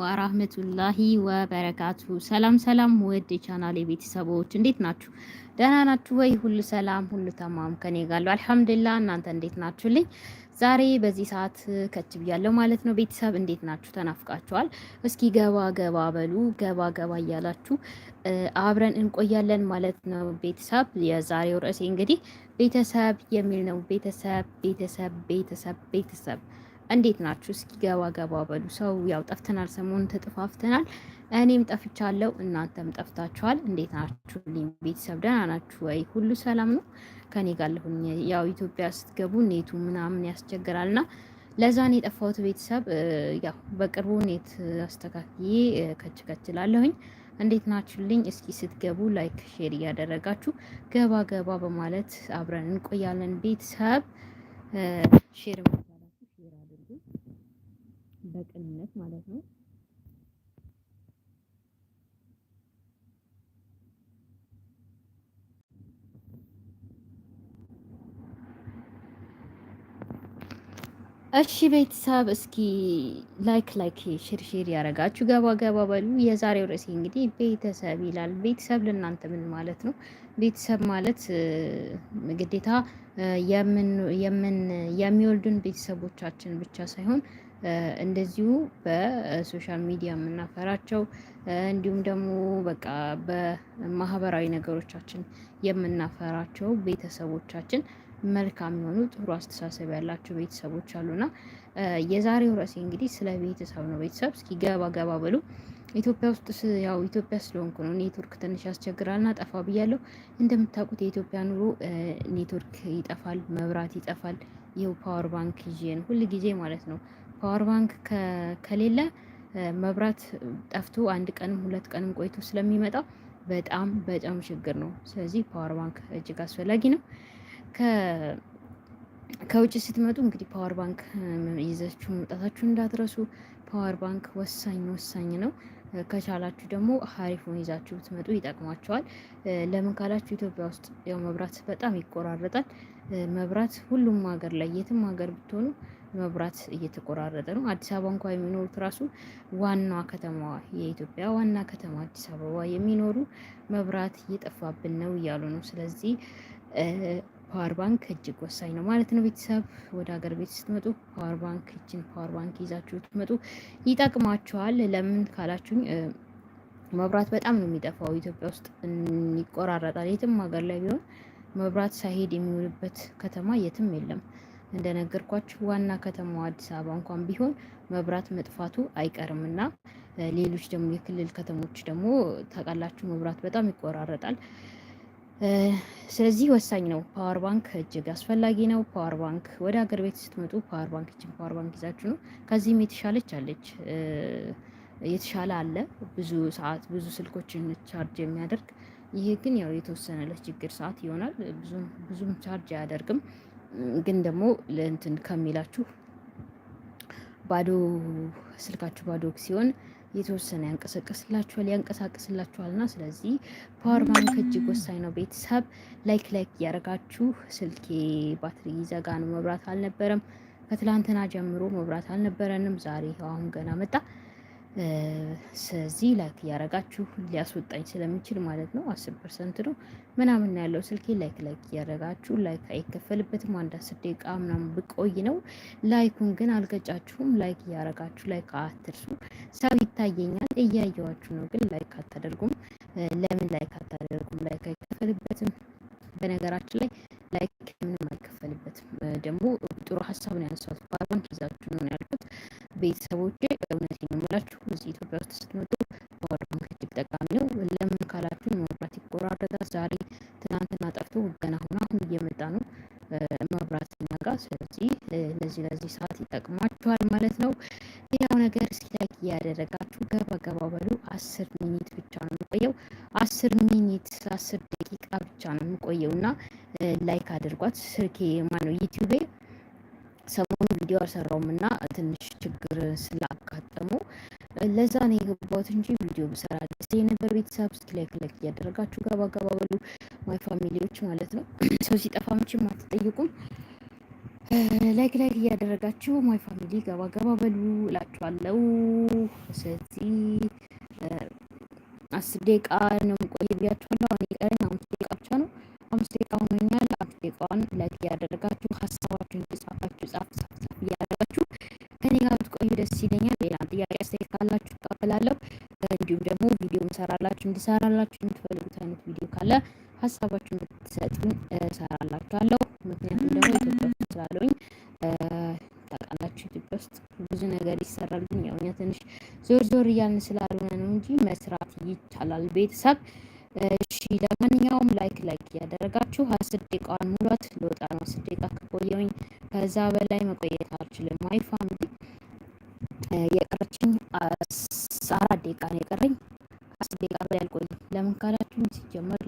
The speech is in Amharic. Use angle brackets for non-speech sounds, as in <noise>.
ወራህመቱላሂ ወበረካቱ። ሰላም ሰላም፣ ውድ የቻናሌ ቤተሰቦች እንዴት ናችሁ? ደህና ናችሁ ወይ? ሁሉ ሰላም፣ ሁሉ ተማም ከኔ ጋር አልሐምዱሊላህ። እናንተ እንዴት ናችሁልኝ? ዛሬ በዚህ ሰዓት ከች ብያለሁ ማለት ነው። ቤተሰብ እንዴት ናችሁ? ተናፍቃችኋል። እስኪ ገባ ገባ በሉ፣ ገባ ገባ እያላችሁ አብረን እንቆያለን ማለት ነው። ቤተሰብ የዛሬው ርዕሴ እንግዲህ ቤተሰብ የሚል ነው። ቤተሰብ ቤተሰብ ቤተሰብ ቤተሰብ እንዴት ናችሁ? እስኪ ገባ ገባ በሉ። ሰው ያው ጠፍተናል፣ ሰሞኑን ተጠፋፍተናል። እኔም ጠፍቻለሁ፣ እናንተም ጠፍታችኋል። እንዴት ናችሁ? ልኝ ቤተሰብ ደህና ናችሁ ወይ? ሁሉ ሰላም ነው? ከኔ ጋር ያው ኢትዮጵያ ስትገቡ ኔቱ ምናምን ያስቸግራልና ለዛ ነው የጠፋሁት ቤተሰብ። ያው በቅርቡ ኔት አስተካክዬ ከች ከች እላለሁኝ። እንዴት ናችሁልኝ? እስኪ ስትገቡ ላይክ ሼር እያደረጋችሁ ገባ ገባ በማለት አብረን እንቆያለን ቤተሰብ ሼር በቅንነት ማለት ነው። እሺ ቤተሰብ እስኪ ላይክ ላይክ ሼር ሼር ያደረጋችሁ ገባ ገባ በሉ። የዛሬው ርዕሴ እንግዲህ ቤተሰብ ይላል። ቤተሰብ ለእናንተ ምን ማለት ነው? ቤተሰብ ማለት ግዴታ የምን የሚወልዱን ቤተሰቦቻችን ብቻ ሳይሆን እንደዚሁ በሶሻል ሚዲያ የምናፈራቸው እንዲሁም ደግሞ በቃ በማህበራዊ ነገሮቻችን የምናፈራቸው ቤተሰቦቻችን መልካም የሆኑ ጥሩ አስተሳሰብ ያላቸው ቤተሰቦች አሉና የዛሬው ርዕሴ እንግዲህ ስለ ቤተሰብ ነው። ቤተሰብ እስኪ ገባ ገባ በሉ። ኢትዮጵያ ውስጥ ያው ኢትዮጵያ ስለሆንኩ ነው። ኔትወርክ ትንሽ ያስቸግራልና ጠፋ ብያለሁ። እንደምታውቁት የኢትዮጵያ ኑሮ ኔትወርክ ይጠፋል፣ መብራት ይጠፋል። ይኸው ፓወር ባንክ ይዤ ነው ሁል ጊዜ ማለት ነው ፓወር ባንክ ከሌለ መብራት ጠፍቶ አንድ ቀንም ሁለት ቀንም ቆይቶ ስለሚመጣ በጣም በጣም ችግር ነው። ስለዚህ ፓወር ባንክ እጅግ አስፈላጊ ነው። ከውጭ ስትመጡ እንግዲህ ፓወር ባንክ ይዛችሁ መምጣታችሁ እንዳትረሱ። ፓወር ባንክ ወሳኝ ወሳኝ ነው። ከቻላችሁ ደግሞ ሀሪፉን ይዛችሁ ብትመጡ ይጠቅማቸዋል። ለምን ካላችሁ ኢትዮጵያ ውስጥ ያው መብራት በጣም ይቆራረጣል። መብራት ሁሉም ሀገር ላይ የትም ሀገር ብትሆኑ መብራት እየተቆራረጠ ነው። አዲስ አበባ እንኳ የሚኖሩት ራሱ ዋና ከተማዋ የኢትዮጵያ ዋና ከተማ አዲስ አበባ የሚኖሩ መብራት እየጠፋብን ነው እያሉ ነው። ስለዚህ ፓወር ባንክ እጅግ ወሳኝ ነው ማለት ነው። ቤተሰብ ወደ ሀገር ቤት ስትመጡ ፓወር ባንክ እጅን ፓወር ባንክ ይዛችሁ ትመጡ ይጠቅማችኋል። ለምን ካላችሁኝ መብራት በጣም ነው የሚጠፋው ኢትዮጵያ ውስጥ ይቆራረጣል። የትም ሀገር ላይ ቢሆን መብራት ሳይሄድ የሚውልበት ከተማ የትም የለም። እንደነገርኳችሁ ዋና ከተማው አዲስ አበባ እንኳን ቢሆን መብራት መጥፋቱ አይቀርም እና ሌሎች ደግሞ የክልል ከተሞች ደግሞ ታውቃላችሁ መብራት በጣም ይቆራረጣል። ስለዚህ ወሳኝ ነው። ፓወር ባንክ እጅግ አስፈላጊ ነው። ፓወር ባንክ ወደ ሀገር ቤት ስትመጡ ፓወር ባንክ እጅግ ፓወር ባንክ ይዛችሁ ነው። ከዚህም የተሻለች አለች፣ የተሻለ አለ። ብዙ ሰዓት ብዙ ስልኮችን ቻርጅ የሚያደርግ ይሄ ግን ያው የተወሰነ ለችግር ሰዓት ይሆናል። ብዙም ቻርጅ አያደርግም። ግን ደግሞ ለእንትን ከሚላችሁ ባዶ ስልካችሁ ባዶ ሲሆን የተወሰነ ያንቀሳቀስላችኋል ያንቀሳቀስላችኋል እና ስለዚህ ፓወር ባንክ እጅግ ወሳኝ ነው። ቤተሰብ ላይክ ላይክ እያደረጋችሁ ስልኬ ባትሪ ዘጋ ነው። መብራት አልነበረም። ከትላንትና ጀምሮ መብራት አልነበረንም። ዛሬ አሁን ገና መጣ። ስለዚህ ላይክ እያረጋችሁ ሊያስወጣኝ ስለሚችል ማለት ነው። አስር ፐርሰንት ነው ምናምን ያለው ስልኬ። ላይክ ላይክ እያረጋችሁ ላይክ አይከፈልበትም። አንድ አስር ደቂቃ ምናምን ብቆይ ነው። ላይኩን ግን አልገጫችሁም። ላይክ እያረጋችሁ ላይክ አትርሱ። ሰው ይታየኛል፣ እያየዋችሁ ነው፣ ግን ላይክ አታደርጉም። ለምን ላይክ አታደርጉም? ላይክ አይከፈልበትም። በነገራችን ላይ ላይክ ምንም አይከፈልበትም። ደግሞ ጥሩ ሀሳብ ነው ያነሳሁት። ባንክ ይዛችሁ ነው ያልኩት ቤተሰቦቼ እውነት የምላችሁ እዚህ ኢትዮጵያ ውስጥ ስትመጡ ፓወር ባንክ እጅግ ጠቃሚ ነው። ለምን ካላችሁ መብራት ይቆራረጣል። ዛሬ ትናንትና ጠፍቶ ገና አሁን አሁን እየመጣ ነው መብራት ነጋ። ስለዚህ ለዚህ ለዚህ ሰዓት ይጠቅማችኋል ማለት ነው። ሌላው ነገር እስኪ ላይክ እያደረጋችሁ ገባ ገባ በሉ። አስር ሚኒት ብቻ ነው የምቆየው። አስር ሚኒት አስር ደቂቃ ብቻ ነው የምቆየው እና ላይክ አድርጓት ስልኬ ማነው ዩቲዩቤ ሰሞኑን ቪዲዮ አልሰራውም እና ትንሽ ችግር ስላጋጠሙ ለዛ ነው የገባሁት እንጂ ቪዲዮ ብሰራ ደስ የነበር። ቤተሰብ እስኪ ላይክ ላይክ እያደረጋችሁ ገባ ገባ በሉ ማይ ፋሚሊዎች ማለት ነው። <clears throat> ሰው ሲጠፋ ምችም አትጠይቁም። <clears throat> ላይክ ላይክ እያደረጋችሁ ማይ ፋሚሊ ገባ ገባ በሉ እላችኋለሁ። ስለዚህ አስር ደቂቃ ነው የምቆይ ብያችኋለሁ። አሁን የቀረኝ ሙዚቃውን ላይክ እያደረጋችሁ ሀሳባችሁን እየጻፋችሁ ጻፍ ጻፍ ጻፍ እያደረጋችሁ ከኔ ጋር ብትቆዩ ደስ ይለኛል። ሌላም ጥያቄ አስተያየት ካላችሁ እቀበላለሁ። እንዲሁም ደግሞ ቪዲዮ እንሰራላችሁ እንድሰራላችሁ የምትፈልጉት አይነት ቪዲዮ ካለ ሀሳባችሁን ብትሰጡኝ እሰራላችኋለሁ። ምክንያቱም ደግሞ ኢትዮጵያ ውስጥ ስላለሁኝ ታውቃላችሁ፣ ኢትዮጵያ ውስጥ ብዙ ነገር ይሰራል። ግን ያው እኛ ትንሽ ዞር ዞር እያልን ስላልሆነ ነው እንጂ መስራት ይቻላል ቤተሰብ እሺ ለማንኛውም ላይክ ላይክ እያደረጋችሁ አስር ደቂቃዋን ሙሏት። ለወጣ ነው አስር ደቂቃ ከቆየሁኝ ከዛ በላይ መቆየት አልችልም። ማይ ፋሚሊ የቀረችኝ አራት ደቂቃ ነው የቀረኝ። አስር ደቂቃ በላይ አልቆይም። ለምን ካላችሁ ሲጀመር